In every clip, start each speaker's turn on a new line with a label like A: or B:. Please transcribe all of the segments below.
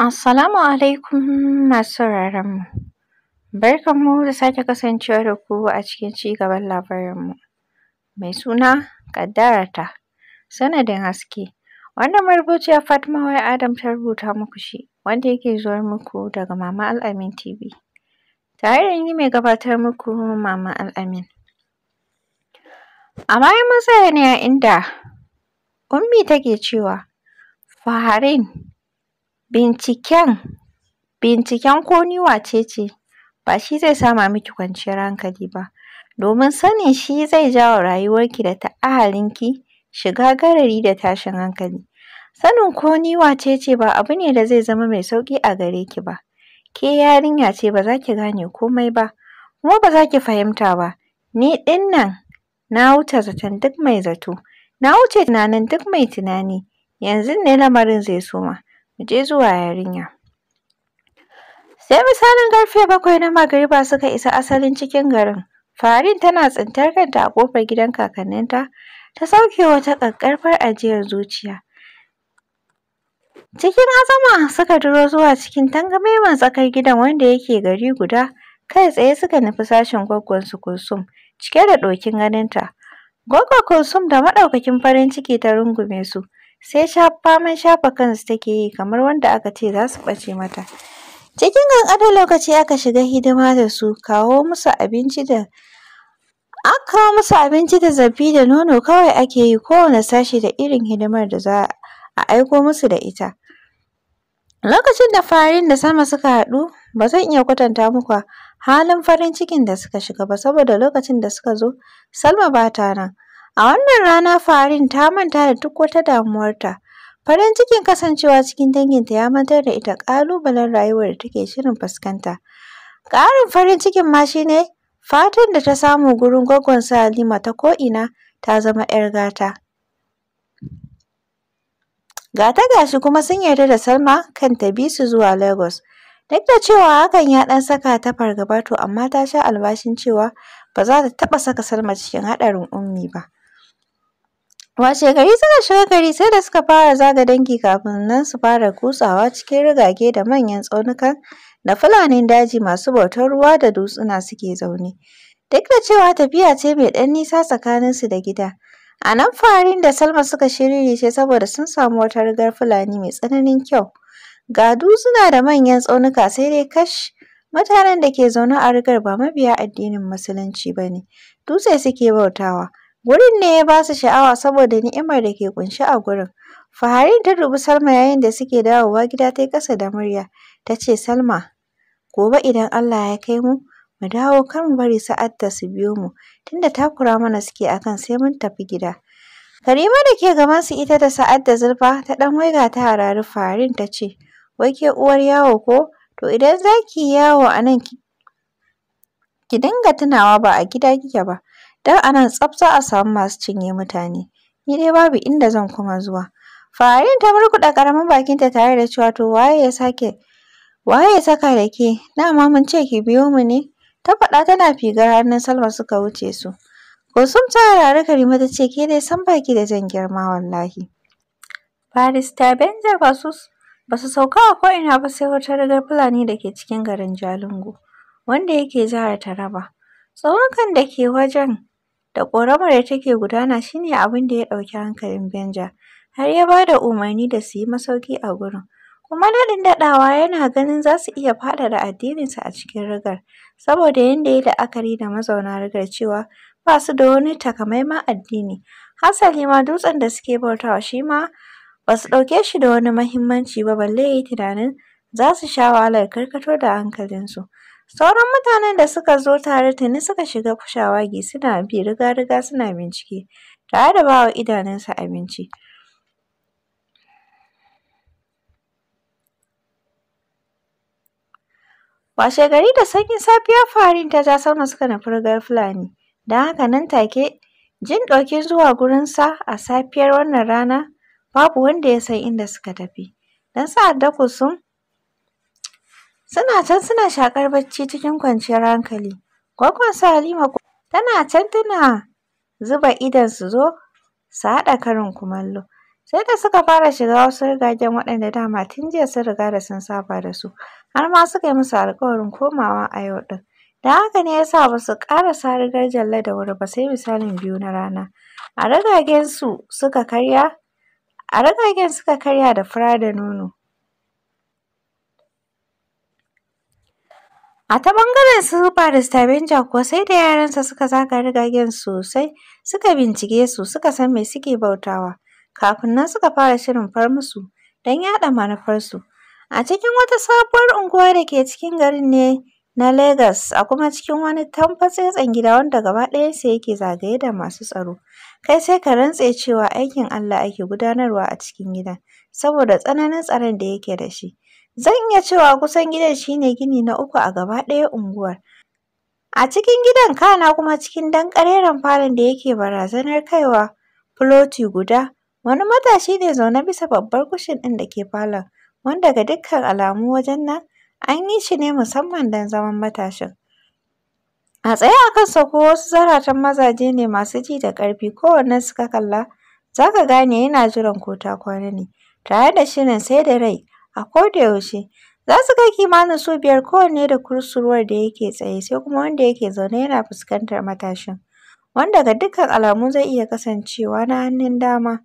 A: Assalamu alaikum masu sauraron mu. Barkan mu da sake kasancewa da ku a cikin cigaban labarin mu. Mai suna kaddarata sanadin haske. Wannan marubuciya Fatima Y Adam ta rubuta muku shi wanda yake zuwa muku daga Mama Al'amin TV. Tare da ni mai gabatar muku Mama Al'amin. A baya mun ne inda Ummi take cewa Faharin Binciken, binciken ko ni wace ce ba shi zai sama miki kwanciyar hankali ba, domin sanin shi zai ja wa rayuwarki da ta ki shiga garari da tashin hankali. Sanin ko ni wace ce ba abu ne da zai zama mai sauƙi a gare ki ba. Ke yarinya ce ba za ki gane komai ba, kuma ba za ki fahimta ba. Ni ɗin na wuce zaton duk mai zato, na wuce tunanin duk mai tunani, yanzu ne lamarin zai soma. mu je zuwa yarinya sai misalin karfe bakwai na magariba suka isa asalin cikin garin farin tana tsintar kanta a ƙofar gidan kakanninta ta sauke wata ƙaƙƙarfar ajiyar zuciya Cikin azama suka duro zuwa cikin tangameman tsakar gidan wanda yake gari guda, kai tsaye suka nufi sashen su Kulsum, cike da ɗokin ganinta. Gwaggon Kulsum da maɗaukakin farin ciki ta rungume su, sai faman shafa kansu take yi kamar wanda aka ce za su ɓace mata. Cikin ƙanƙanin lokaci aka shiga hidima da su, kawo musu abinci da aka musu abinci da zabi da nono kawai ake yi kowane sashi da irin hidimar da za a aiko musu da ita. Lokacin da farin da sama suka haɗu, ba zan iya kwatanta muku halin farin cikin da suka shiga ba saboda lokacin da suka zo Salma ba ta nan. A wannan rana Farin ta manta da duk wata damuwarta. Farin cikin kasancewa cikin danginta ya mantar da ita ƙalubalen rayuwar da take shirin fuskanta. Ƙarin farin cikin ma shi ne fatan da ta samu gurin gwaggonsu salima ta ko'ina ta zama 'yar gata. gata ta ga kuma sun yarda da Salma kan ta bi su zuwa Lagos. Duk da cewa hakan ya ɗan saka ta fargaba to amma ta sha albashin cewa ba za ta taɓa saka Salma cikin haɗarin ummi ba. Washe gari suka shiga gari sai da suka fara zaga dangi kafin nan su fara kutsawa cikin rigage da manyan tsaunukan da fulanin daji masu bautar ruwa da dutsuna suke zaune. Duk da cewa tafiya ce mai ɗan nisa tsakaninsu da gida. A nan Farin da Salma suka shiririce saboda sun samu wata rigar Fulani mai tsananin kyau. Ga dutsuna da manyan tsaunuka sai dai kash mutanen da ke zaune a rigar ba mabiya addinin Musulunci ba ne, dutse suke bautawa. Wurin ne ya ba su sha'awa saboda ni'imar da ke ƙunshe a gurin. Faharin ta dubi Salma yayin da suke dawowa gida ta yi ƙasa da murya ta ce, Salma, gobe idan Allah ya kai mu, mu dawo kar mu bari da su biyo mu, tunda takura mana suke a kan sai mun tafi gida. Karima da ke gabansu ita da da Zulfa ta ɗan waiga ta harari Faharin ta ce, wai ke uwar yawo ko? To idan za ki yawo a nan ki dinga tunawa ba a gida kike ba, Dan a nan tsaf za a samu masu cinye mutane ni dai babu inda zan kuma zuwa Farin ta murkuɗa ƙaramin bakinta tare da cewa to waye ya sake waye ya saka da ke dama mun ce ki biyo mu ne ta faɗa tana figar hannun Salma suka wuce su Kusum ta harare Karima ta ce ke dai san baki da jan girma wallahi Barista Benja ba su ba su sauka a ko'ina ba sai wata rigar Fulani da ke cikin garin Jalingo wanda yake jihar Taraba tsaunukan da ke wajen da ƙoramar da take gudana shine ne abin da ya ɗauki hankalin Benja, har ya ba da umarni da su yi masauki a gurin. Kuma daɗin daɗawa yana ganin za su iya faɗaɗa addininsu a cikin rigar, saboda yadda ya yi la'akari da mazauna rigar cewa ba su da wani takamaiman addini. Hasali ma dutsen da suke bautawa shi ma ba su ɗauke shi da wani mahimmanci ba balle ya yi tunanin za su sha wahalar karkato da hankalinsu. Sauran mutanen da suka zo tare tuni suka shiga shawagi suna bi riga-riga suna bincike, tare da ba wa idanunsa abinci. gari da sanyin safiyar Farin ta ja sama suka nufi rigar Fulani, don haka nan take jin ɗauki zuwa gurinsa a safiyar wannan rana babu wanda ya san inda suka tafi. Don sa'ar da Kulsum Suna can suna shakar bacci cikin kwanciyar hankali. Gwaggon su Halima tana can tana zuba idon su zo su haɗa karin kumallo. Sai da suka fara shiga wasu rigagen waɗanda dama tun jiya sun riga da sun saba da su, har ma suka yi musu alƙawarin komawa a yau ɗin. Da haka ne ya sa ba su sa rigar jalla da wuri ba sai misalin biyu na rana. A ragagen su suka karya, suka karya da fura da nono. A ta ɓangaren su barista Benja kuwa sai da yaransa suka zaga rigagen sosai, suka bincike su, suka san me suke bautawa. Kafin nan suka fara shirin far musu don yaɗa manufarsu. A cikin wata sabuwar unguwa da ke cikin garin ne na Legas a kuma cikin wani tamfatsetsen gida wanda gaba ɗaya ɗayansa yake zagaye da masu tsaro. Kai sai ka rantse cewa aikin Allah ake gudanarwa a cikin gidan saboda tsananin tsaron da yake da shi. Zan iya cewa kusan gidan shi ne gini na uku a gaba ɗaya unguwar. A cikin gidan kana kuma cikin dan ƙareren falon da yake barazanar kaiwa filoti guda, wani matashi ne zaune bisa babbar kushin ɗin da ke falon, wanda ga dukkan alamu wajen nan an yi shi ne musamman don zaman matashin. A tsaye a kansa ko wasu zaratan mazaje ne masu ji da ƙarfi, kowannensu suka kalla za ka gane yana jiran ko ta kwana ne, tare da shirin sai da rai a yaushe za su kai kimanin su biyar kowanne da kururuwar da yake tsaye sai kuma wanda yake zaune yana fuskantar matashin, wanda ga dukkan alamu zai iya kasancewa na hannun dama.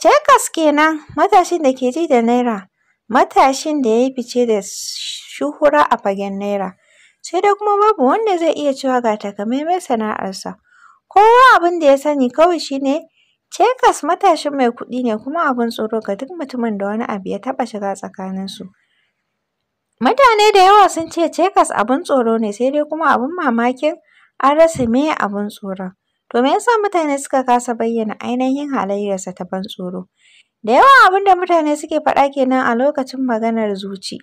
A: Checkers kenan matashin da ke ji da Naira, matashin da ya yi fice da shuhura a fagen Naira, sai da kuma babu wanda zai iya cewa ga takamaiman sana'arsa. Kowa abin da ya sani kawai shine. Cekas matashin mai kuɗi ne kuma abin tsoro ga duk mutumin da wani abu ya taɓa shiga tsakaninsu. Mutane da yawa sun ce cekas abin tsoro ne sai dai kuma abin mamakin an rasa me abin tsoro, To me yasa mutane suka kasa bayyana ainihin halayyarsa ta ban tsoro? Da yawa abin da mutane suke faɗa kenan a lokacin maganar zuci.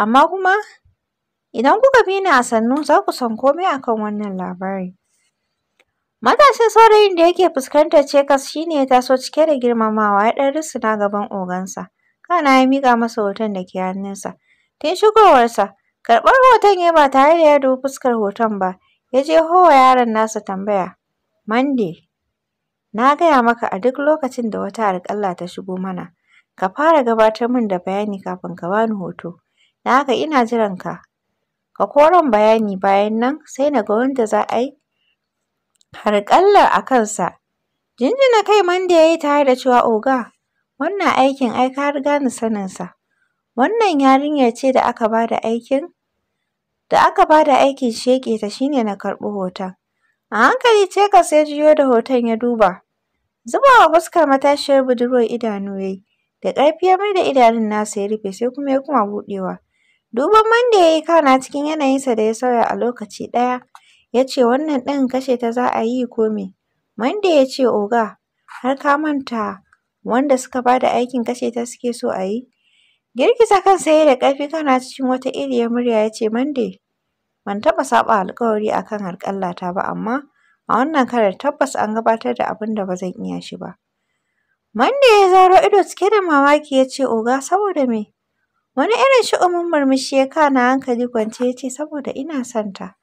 A: Amma kuma idan kuka bi ni a sannu za ku san komai akan wannan labarin. Matashin saurayin da yake fuskantar cikas shine ya taso cike da girmamawa ya ɗan rusuna gaban ogansa. Kana ya miƙa masa hoton da ke hannunsa. Tun shigowarsa, karɓar hoton ya ba tare da ya dubi fuskar hoton ba. Ya je wa yaron nasa tambaya. Mande. na gaya maka a duk lokacin da wata alƙalla ta shigo mana, ka fara gabatar min da bayani kafin ka bani hoto. Na haka ina jiran ka. Ka koran bayani bayan nan sai na ga wanda za a yi harƙallar a kansa. Jinjina kai manda ya yi tare da cewa oga wannan aikin ai ka riga ni saninsa. Wannan yarinyar ce da aka ba da aikin da aka ba da aikin sheƙe ta shine na karɓi hoton. A hankali Cekas ya juyo da hoton ya duba. Zuba wa fuskar matashiyar budurwar idanu ya Da ƙarfi ya maida idanun nasa ya rufe sai kuma ya kuma buɗewa. Duban manda ya yi kana cikin yanayinsa da ya sauya a lokaci ɗaya. ya ce wannan ɗin kashe ta za a yi ko me? Mande ya ce oga har ka manta wanda suka ba da aikin kashe ta suke so a yi? Girgiza kan ya da ƙarfi kana cikin wata iriyar murya ya ce Mande. ban taɓa saɓa alƙawari a kan harƙallata ba amma a wannan karar tabbas an gabatar da abin da ba zan iya shi ba. Mande ya zaro ido cike da mamaki ya ce oga saboda me? Wani irin shi'umin murmushi ya kana hankali kwance ya ce saboda ina son ta.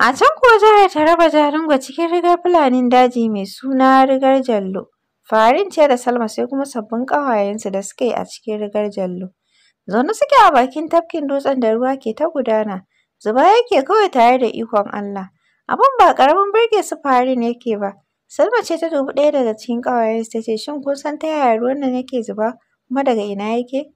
A: A can kuwa jihar Taraba Jalingo cikin rigar Fulanin daji mai suna rigar jallo. Farin ce da Salma sai kuma sabbin ƙawayensu da suka yi a cikin rigar jallo. Zaune suke a bakin tafkin dutsen da ruwa ke ta gudana. Zuba yake kawai tare da ikon Allah. Abin ba ƙaramin birge su Farin yake ba. Salma ce ta dubi ɗaya daga cikin ƙawayensu ta ce shin kun san ta yaya ruwan nan yake zuba kuma daga ina yake?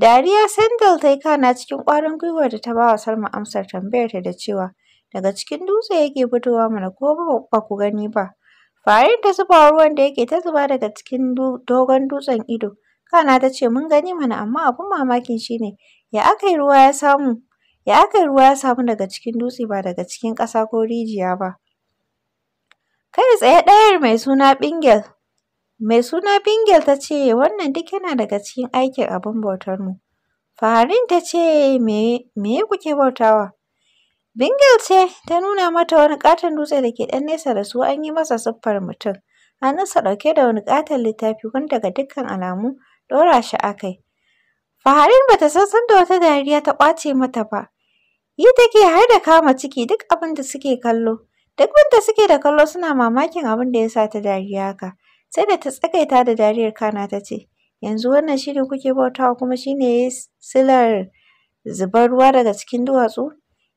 A: Dariya Sandal ta yi kana cikin ƙwarin gwiwar da ta ba wa Salma amsar tambayarta da cewa daga cikin dutse yake fitowa mana ko ba ku gani ba. Farin ta zuba ruwan da yake ta zuba daga cikin dogon dutsen ido. Kana ta ce mun gani mana amma abin mamakin shine. ya aka yi ruwa ya samu ya aka ruwa ya samu daga cikin dutse ba daga cikin ƙasa ko rijiya ba. Kai tsaye ɗayar mai suna Bingel mai suna Bingel ta ce wannan duk yana daga cikin aikin abin bautar mu. farin ta ce me me kuke bautawa? Bingel ce ta nuna mata wani ƙaton dutse da ke ɗan nesa da su an yi masa siffar mutum, hannunsa ɗauke da wani ƙaton littafi wanda daga dukkan alamu ɗora shi a kai. Faharin ba ta san sanda wata dariya ta ƙwace mata ba, yi take har da kama ciki duk abin da suke kallo. Duk wanda suke da kallo suna mamakin abin da ya sa ta dariya haka, sai da ta tsagaita da dariyar kana ta ce, yanzu wannan shi ne kuke bautawa kuma shi ne ya silar zubar ruwa daga cikin duwatsu?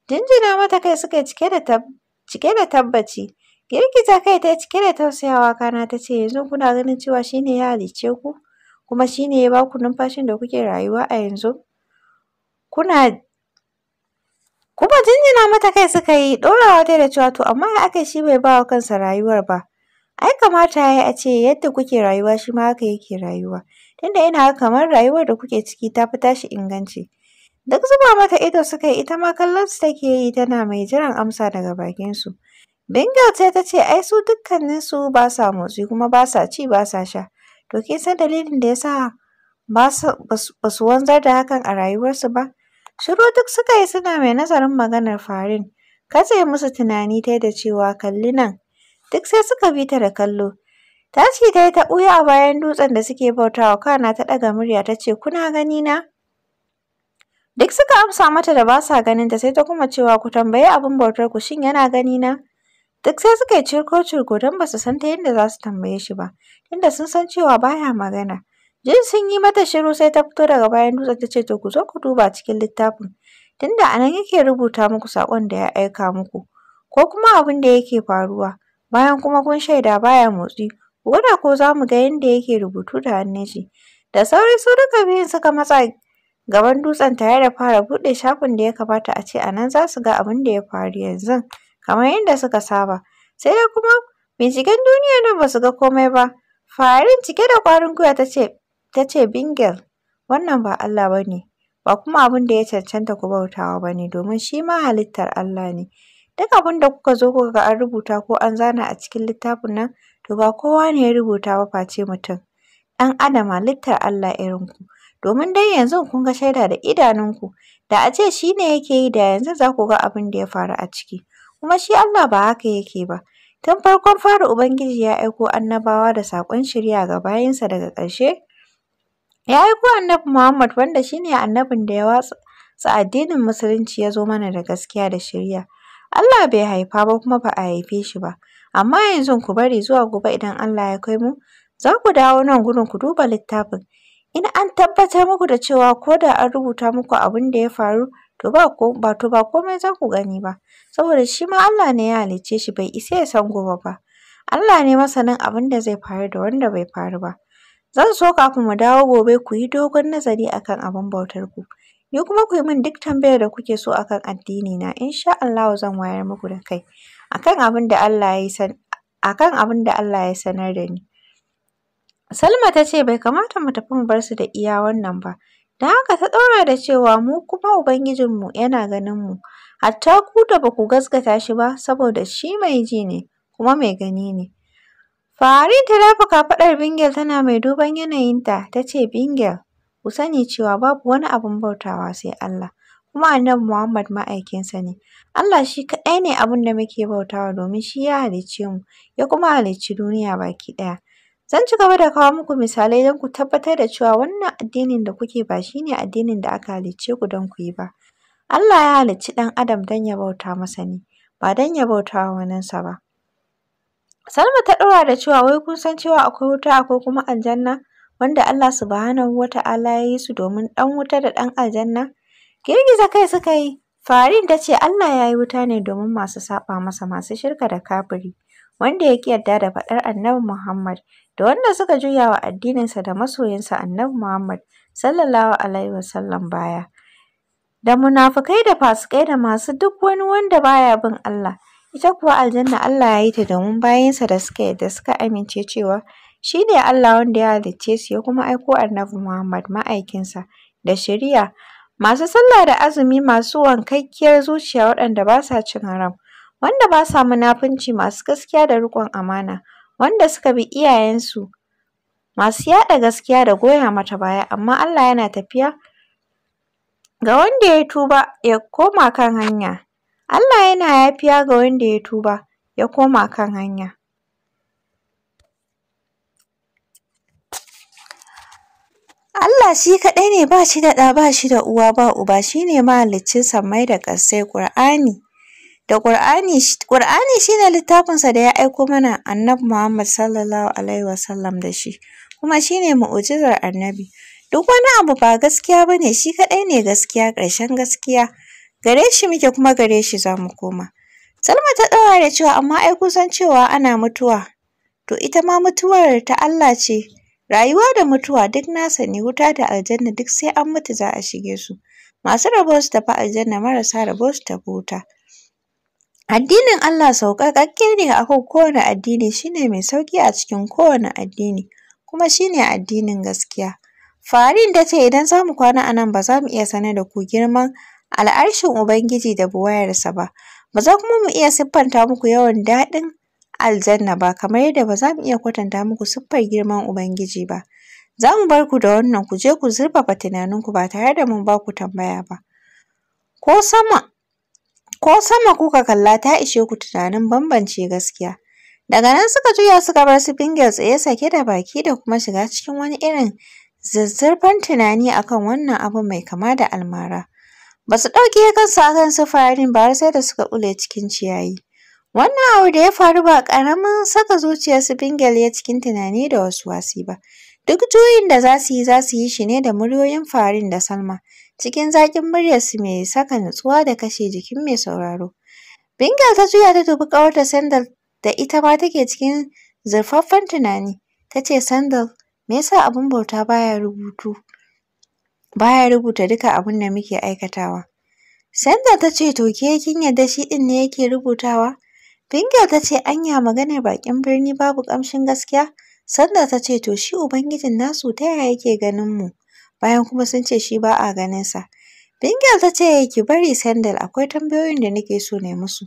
A: Jinjina mata kai suka cike da tab cike da tabbaci. Girgiza kai ta cike da tausayawa kana ta ce yanzu kuna ganin cewa shi ya halicce ku kuma shi ya ba numfashin da kuke rayuwa a yanzu. Kuna kuma jinjina mata kai suka yi ɗorawa dai da cewa to amma ya aka shi bai bawa kansa rayuwar ba. Ai kamata ya a ce yadda kuke rayuwa shi ma haka yake rayuwa. Tunda yana kamar rayuwar da kuke ciki ta fi tashi inganci. Duk zuba mata ido suka yi ita ma kallon su take yi tana mai jiran amsa daga bakinsu. Bingel sai ta ce ai su dukkaninsu ba sa motsi kuma ba sa ci ba sa sha. To kin san dalilin da ya sa ba su wanzar da hakan a rayuwarsu ba? Shiru duk suka yi suna mai nazarin maganar farin. Katse musu tunani ta da cewa kalli nan. Duk sai suka bi ta da kallo. Ta ce ta yi ta ɓuya a bayan dutsen da suke bautawa kana ta ɗaga murya ta ce kuna gani na? Duk suka amsa mata da ba sa ganinta sai ta kuma cewa ku tambayi abin bautar ku shin yana gani na? Duk sai suka yi cirko-cirko don ba su san ta yadda za su tambaye shi ba, inda sun san cewa baya magana. Jin sun yi mata shiru sai ta fito daga bayan dutsen ta ce to ku zo ku duba cikin littafin, tunda a nan yake rubuta muku saƙon da ya aika muku, ko kuma abin da yake faruwa. Bayan kuma kun shaida baya motsi, ku gwada ko za mu ga yadda yake rubutu da hannun shi. Da sauri su duka biyun suka matsa gaban dutsen tare da fara buɗe shafin da ya kamata a ce a nan za su ga abin da ya faru yanzu kamar yadda suka saba. Sai dai kuma binciken duniya nan ba su ga komai ba. Farin cike da ƙwarin gwiwa ta ce ta ce Bingel wannan ba Allah ba ne ba kuma abin da ya cancanta ku bautawa ba ne domin shi ma halittar Allah ne. Duk abin da kuka zo kuka ga an rubuta ko an zana a cikin littafin nan to ba kowa ne ya rubuta ba face mutum. ɗan adam halittar Allah irin ku domin dai yanzu kun ga shaida da idanunku da a ce shi ne yake yi da yanzu za ku ga abin da ya faru a ciki kuma shi Allah ba haka yake ba tun farkon fara Ubangiji ya aiko annabawa da saƙon shirya ga bayinsa daga ƙarshe ya aiko annabi Muhammad wanda shi ne annabin da ya watsa addinin musulunci ya zo mana da gaskiya da shirya Allah bai haifa ba kuma ba a haife shi ba amma yanzu ku bari zuwa gobe idan Allah ya kai mu za ku dawo nan gurin ku duba littafin in an tabbatar muku da cewa ko da an rubuta muku abin da ya faru to ba to ba komai za ku gani ba saboda shi ma Allah ne ya halicce shi bai isa ya san gobe ba Allah ne masanin abin da zai faru da wanda bai faru ba zan so kafin mu dawo gobe ku yi dogon nazari akan abin bautar ku ni kuma ku yi min duk tambayar da kuke so akan addini na insha Allahu zan wayar muku da kai akan abin da Allah ya san akan abin da Allah ya sanar da ni Salma ta ce bai kamata mu tafi mu bar su da iya wannan ba. Da haka ta ɗora da cewa mu kuma Ubangijinmu yana ganin mu. Hatta ku da ba ku gaskata shi ba saboda shi mai ji ne kuma mai gani ne. Farin ta dafa kafaɗar Bingel tana mai duban yanayinta ta ce Bingel ku sani cewa babu wani abin bautawa sai Allah. kuma annabi Muhammad ma'aikinsa ne. Allah shi kaɗai ne abin da muke bautawa domin shi ya halicce mu ya kuma halicci duniya baki ɗaya. Zan ci gaba da kawo muku misalai don ku tabbatar da cewa wannan addinin da kuke ba shi ne addinin da aka halicce ku don ku yi ba. Allah ya halicci ɗan adam don ya bauta masa ne, ba don ya bauta wa waninsa ba. Salma ta ɗora da cewa wai kun san cewa akwai wuta akwai kuma aljanna wanda Allah subhanahu wa ta'ala ya yi su domin ɗan wuta da ɗan aljanna? Girgiza kai suka yi. Farin ta ce Allah ya yi wuta ne domin masu saɓa masa masu shirka da kafiri. wanda ya ƙi yarda da faɗar Annabi Muhammad da wanda suka juya wa addininsa da masoyinsa Annabi Muhammad sallallahu alaihi wasallam baya da munafukai da fasikai da masu duk wani wanda baya bin Allah ita kuwa aljanna Allah ya yi ta domin bayansa da suka yarda suka amince cewa shi ne Allah wanda ya halicce su ya kuma aiko Annabi Muhammad ma'aikinsa da shari'a masu sallah da azumi masu wankakkiyar zuciya waɗanda ba sa cin haram wanda ba sa munafunci masu gaskiya da riƙon amana wanda suka bi iyayensu masu yaɗa gaskiya da goya mata baya amma Allah yana tafiya ga wanda ya tuba ya koma kan hanya Allah yana yafiya ga wanda ya tuba ya koma kan hanya Allah shi kaɗai ne ba shi da ɗa ba shi da uwa ba uba shi ne mahaliccin sammai da ƙasai ƙur'ani da Ƙur'ani Ƙur'ani shine littafinsa da ya aiko mana Annabi Muhammad sallallahu alaihi wasallam da shi kuma shine mu'ujizar Annabi duk wani abu ba gaskiya bane shi kaɗai ne gaskiya ƙarshen gaskiya gare shi muke kuma gare shi za mu koma Salma ta ɗaura da cewa amma ai kusan cewa ana mutuwa to ita ma mutuwar ta Allah ce rayuwa da mutuwa duk nasa ne wuta da aljanna duk sai an mutu za a shige su masu rabo su tafi aljanna marasa rabo su tafi wuta Addinin Allah sauƙaƙaƙƙe ne a kan kowane addini, shi ne mai sauƙi a cikin kowane addini, kuma shi ne addinin gaskiya. Farin ta ce idan za mu kwana a nan ba za mu iya sanar da ku girman al'arshin Ubangiji da buwayarsa ba, ba za kuma mu iya siffanta muku yawan daɗin aljanna ba kamar yadda ba za mu iya kwatanta muku siffar girman Ubangiji ba. Za mu bar ku da wannan ku je ku zurfafa tunaninku ba tare da mun ba ku tambaya ba. Ko sama ko sama kuka kalla ta ishe ku tunanin bambance gaskiya daga nan suka juya suka bar su bingel tsaye sake da baki da kuma shiga cikin wani irin zazzarfan tunani akan wannan abu mai kama da almara ba su ɗauke kansu akan su farin ba har sai da suka ƙule cikin ciyayi wannan abu da ya faru ba ƙaramin saka zuciyar su bingel ya cikin tunani da wasu wasi ba Duk juyin da za su yi za su yi shi ne da muryoyin Farin da Salma, cikin zaƙin muryarsu mai saka nutsuwa da kashe jikin mai sauraro. Bingal ta juya ta dubi ƙawarta Sandal da ita ma take cikin zurfaffen tunani. Ta ce, Sandal, me yasa abin bauta baya rubutu? Baya rubuta duka abin da muke aikatawa. Sandal ta ce, to ke kin yarda shi ɗin ne yake rubutawa? Bingal ta ce, anya maganar baƙin birni babu ƙamshin gaskiya? Sanda ta ce to shi Ubangijin nasu ta yaya yake ganin mu? Bayan kuma sun ce shi ba a ganin sa. Bingel ta ce ki bari Sandal akwai tambayoyin da nake so na musu.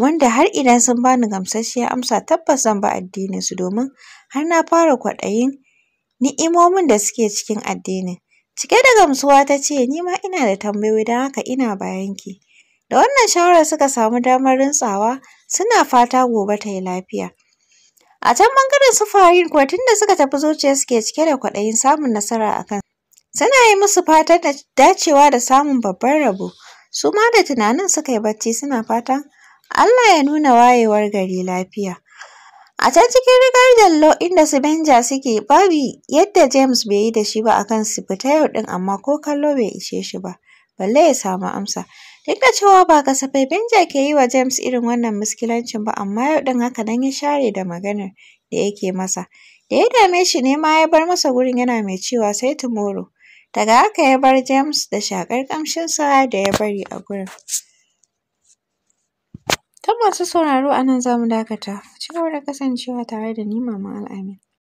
A: Wanda har idan sun bani gamsasshiyar amsa tabbas zan addinin su domin har na fara kwaɗayin ni'imomin da suke cikin addinin. Cike da gamsuwa ta ce ni ma ina da tambayoyi don haka ina bayanki. Da wannan shawarar suka samu damar rintsawa suna fata gobe ta yi lafiya. A can bangaren su Farin kuwa tun da suka tafi zuciya suke cike da kwaɗayin samun nasara a kan. Suna yi musu fatan da dacewa da samun babban rabo. Su ma da tunanin suka yi bacci suna fatan Allah ya nuna wayewar gari lafiya. A can cikin rigar jallo inda su Benja suke babu yadda James bai yi da shi ba akan su fita yau ɗin amma ko kallo bai ishe shi ba. Balle ya samu amsa. Duk da cewa ba kasafai Benja ke yi wa James irin wannan muskilancin ba amma yau ɗin haka nan ya share da maganar da yake masa. Da ya dame shi ne ma ya bar masa gurin yana mai cewa sai tomorrow. Daga haka ya bar James da shaƙar ƙamshinsa da ya bari a gurin. Ta masu sauraro a nan za mu dakata. Ku ci gaba da kasancewa tare da ni Mama Al'amin.